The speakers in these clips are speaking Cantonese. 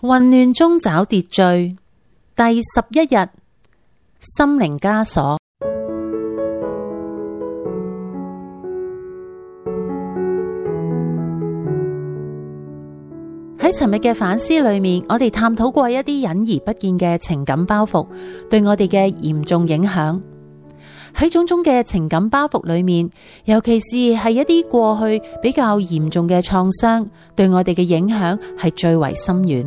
混亂中找秩序，第十一日，心靈枷鎖。喺尋日嘅反思裏面，我哋探討過一啲隱而不見嘅情感包袱，對我哋嘅嚴重影響。喺種種嘅情感包袱裏面，尤其是係一啲過去比較嚴重嘅創傷，對我哋嘅影響係最為深遠。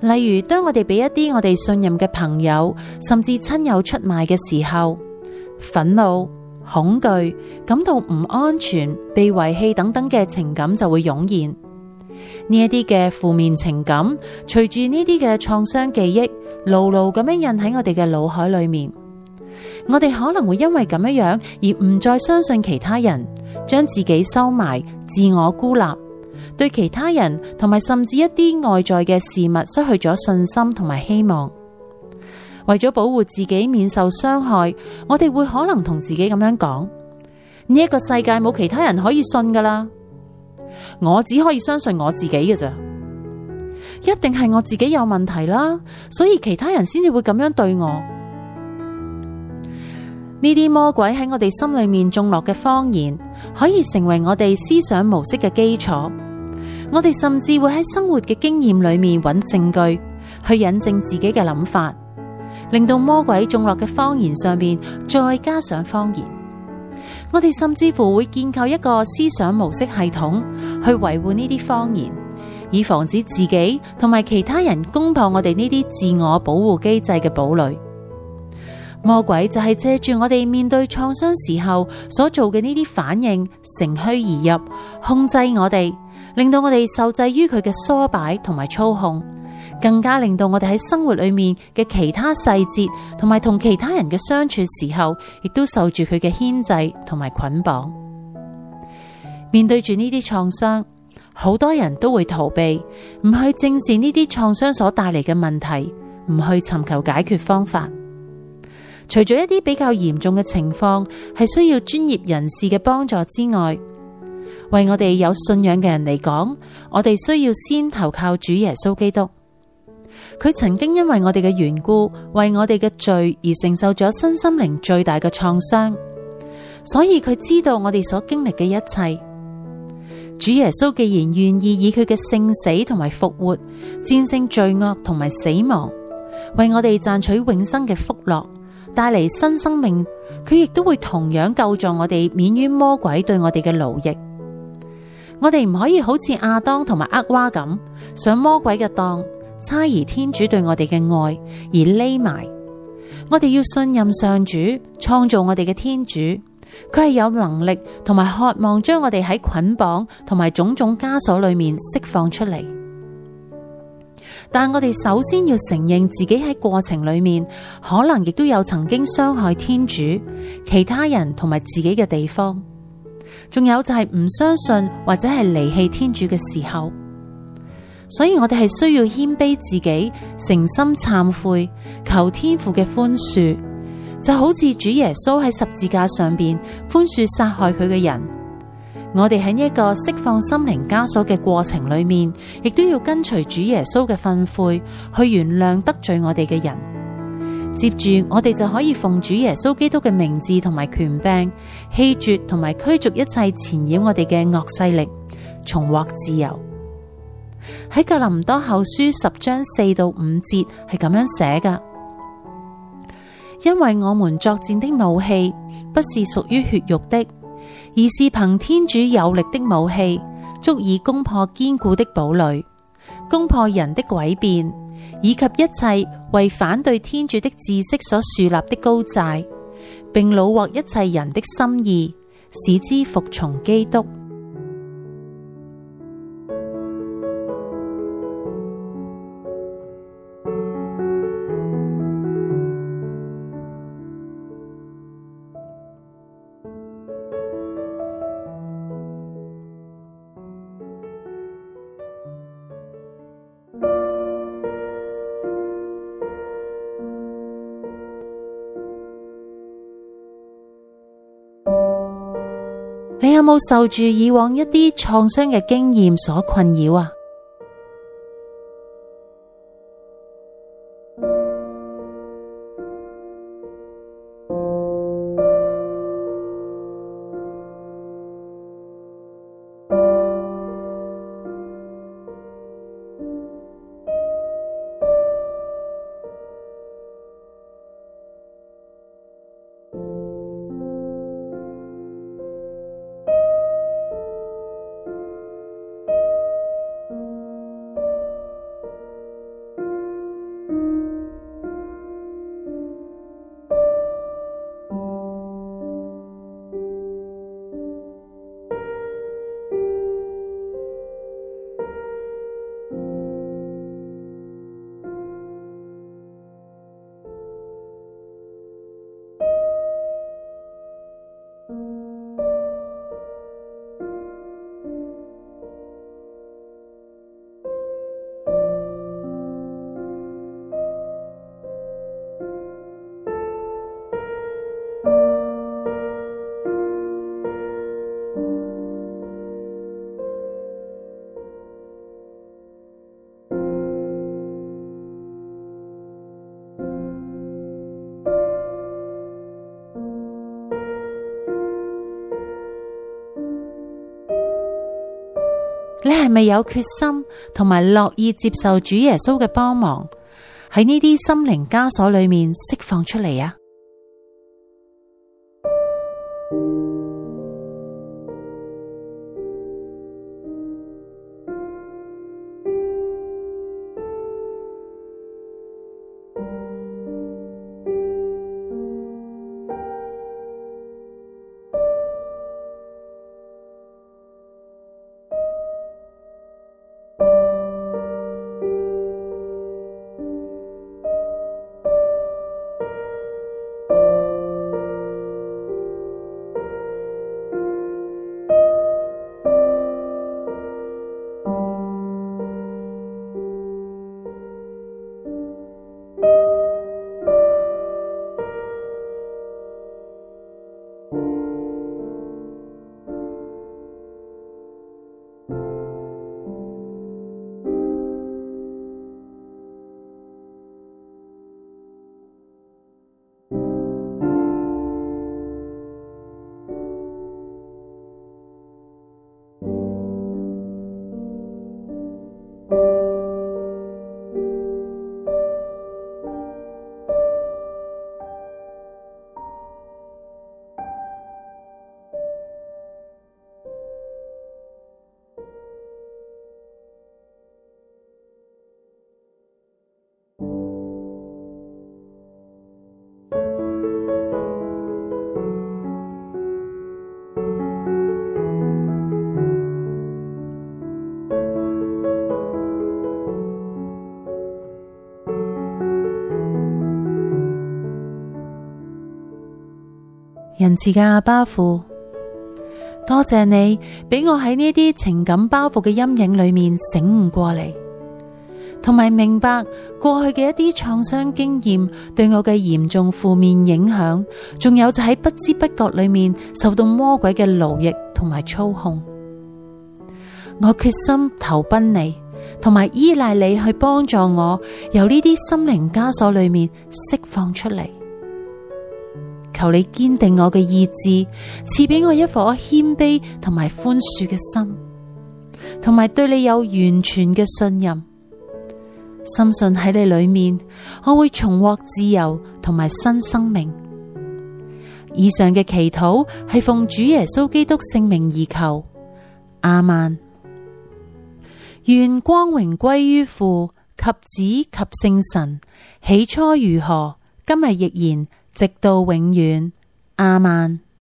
例如，當我哋俾一啲我哋信任嘅朋友甚至親友出賣嘅時候，憤怒、恐懼、感到唔安全、被遺棄等等嘅情感就會湧現。呢一啲嘅負面情感，隨住呢啲嘅創傷記憶，牢牢咁樣印喺我哋嘅腦海裏面。我哋可能會因為咁樣而唔再相信其他人，將自己收埋，自我孤立，對其他人同埋甚至一啲外在嘅事物失去咗信心同埋希望。為咗保護自己免受傷害，我哋會可能同自己咁樣講：呢一個世界冇其他人可以信噶啦，我只可以相信我自己嘅咋，一定係我自己有問題啦，所以其他人先至會咁樣對我。呢啲魔鬼喺我哋心裏面種落嘅謊言，可以成為我哋思想模式嘅基礎。我哋甚至會喺生活嘅經驗裏面揾證據，去引證自己嘅諗法，令到魔鬼種落嘅謊言上面再加上謊言。我哋甚至乎會建構一個思想模式系統，去維護呢啲謊言，以防止自己同埋其他人攻破我哋呢啲自我保護機制嘅堡壘。魔鬼就係借住我哋面對創傷時候所做嘅呢啲反應，乘虛而入，控制我哋，令到我哋受制於佢嘅唆擺同埋操控，更加令到我哋喺生活裏面嘅其他細節，同埋同其他人嘅相處時候，亦都受住佢嘅牽制同埋捆綁。面對住呢啲創傷，好多人都會逃避，唔去正視呢啲創傷所帶嚟嘅問題，唔去尋求解決方法。除咗一啲比較嚴重嘅情況，係需要專業人士嘅幫助之外，為我哋有信仰嘅人嚟講，我哋需要先投靠主耶穌基督。佢曾經因為我哋嘅緣故，為我哋嘅罪而承受咗身心靈最大嘅創傷，所以佢知道我哋所經歷嘅一切。主耶穌既然願意以佢嘅聖死同埋復活戰勝罪惡同埋死亡，為我哋賺取永生嘅福樂。帶嚟新生命，佢亦都會同樣救助我哋免於魔鬼對我哋嘅奴役。我哋唔可以好似亞當同埋厄娃咁上魔鬼嘅當，猜疑天主對我哋嘅愛而匿埋。我哋要信任上主創造我哋嘅天主，佢係有能力同埋渴望將我哋喺捆綁同埋種種枷鎖裏面釋放出嚟。但我哋首先要承認自己喺過程裏面，可能亦都有曾經傷害天主、其他人同埋自己嘅地方，仲有就係唔相信或者係離棄天主嘅時候，所以我哋係需要謙卑自己，誠心懺悔，求天父嘅寬恕，就好似主耶穌喺十字架上邊寬恕殺害佢嘅人。我哋喺呢一個釋放心靈枷鎖嘅過程裏面，亦都要跟隨主耶穌嘅訓誨去原諒得罪我哋嘅人。接住我哋就可以奉主耶穌基督嘅名字同埋權柄，棄絕同埋驅逐一切纏繞我哋嘅惡勢力，重獲自由。喺《格林多後書》十章四到五節係咁樣寫㗎，因為我們作戰的武器，不是屬於血肉的。而是憑天主有力的武器，足以攻破堅固的堡壘，攻破人的詭辯，以及一切為反對天主的智識所樹立的高寨，並虜獲一切人的心意，使之服從基督。你有冇受住以往一啲創傷嘅經驗所困擾啊？你係咪有決心，同埋樂意接受主耶穌嘅幫忙，喺呢啲心靈枷鎖裏面釋放出嚟呀？仁慈嘅阿爸父，多謝你俾我喺呢啲情感包袱嘅陰影裏面醒悟過嚟，同埋明白過去嘅一啲創傷經驗對我嘅嚴重負面影響，仲有就喺不知不覺裏面受到魔鬼嘅奴役同埋操控。我決心投奔你，同埋依賴你去幫助我由呢啲心靈枷鎖裏面釋放出嚟。求你堅定我嘅意志，賜俾我一顆謙卑同埋寬恕嘅心，同埋對你有完全嘅信任，深信喺你裏面，我會重獲自由同埋新生命。以上嘅祈禱係奉主耶穌基督聖名而求，亞孟。願光榮歸於父及子及聖神，起初如何，今日亦然。直到永遠，阿曼。